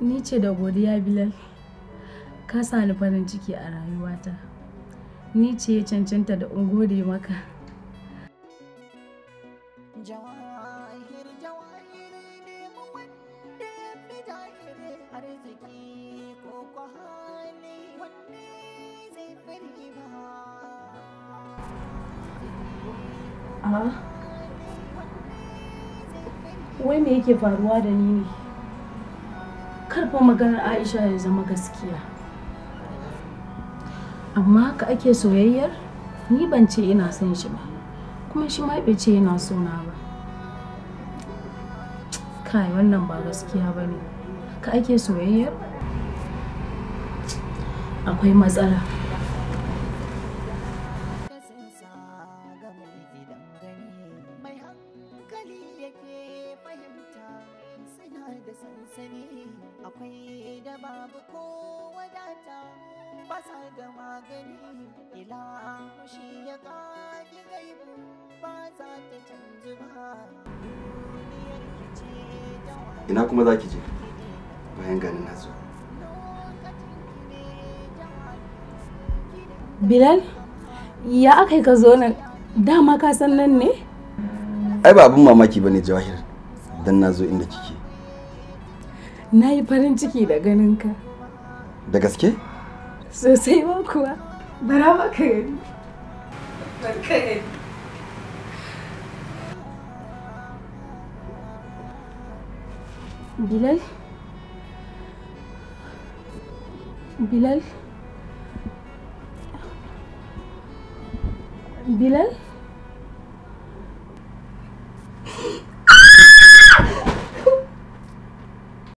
Ni ce da godiya Bilal, ka sani farin ciki a rayuwata. Ni ce ya cancanta da ungode maka. Ah. Wai me yake faruwa da ni ne? karfa maganar aisha ya zama gaskiya amma ka ake soyayyar ni ban ce ina son shi ba kuma shi ma bai ce yana sona ba kai wannan ba gaskiya ba ne a ake soyayyar akwai matsala da sansani akwai da babu ko wadata ba sa da magani ila shi ya kage gaibu ba za ta canzu ba duniyar ce ta ina kuma za ki je bayan ganin nasu Bilal, ya aka yi ka zo nan dama ka san nan ne? Ai ba abin mamaki ba ne jawahir, don na zo inda kike. na yi farin ciki da ganin ka da gaske sosai ma kuwa bara maka gani gani bilal bilal bilal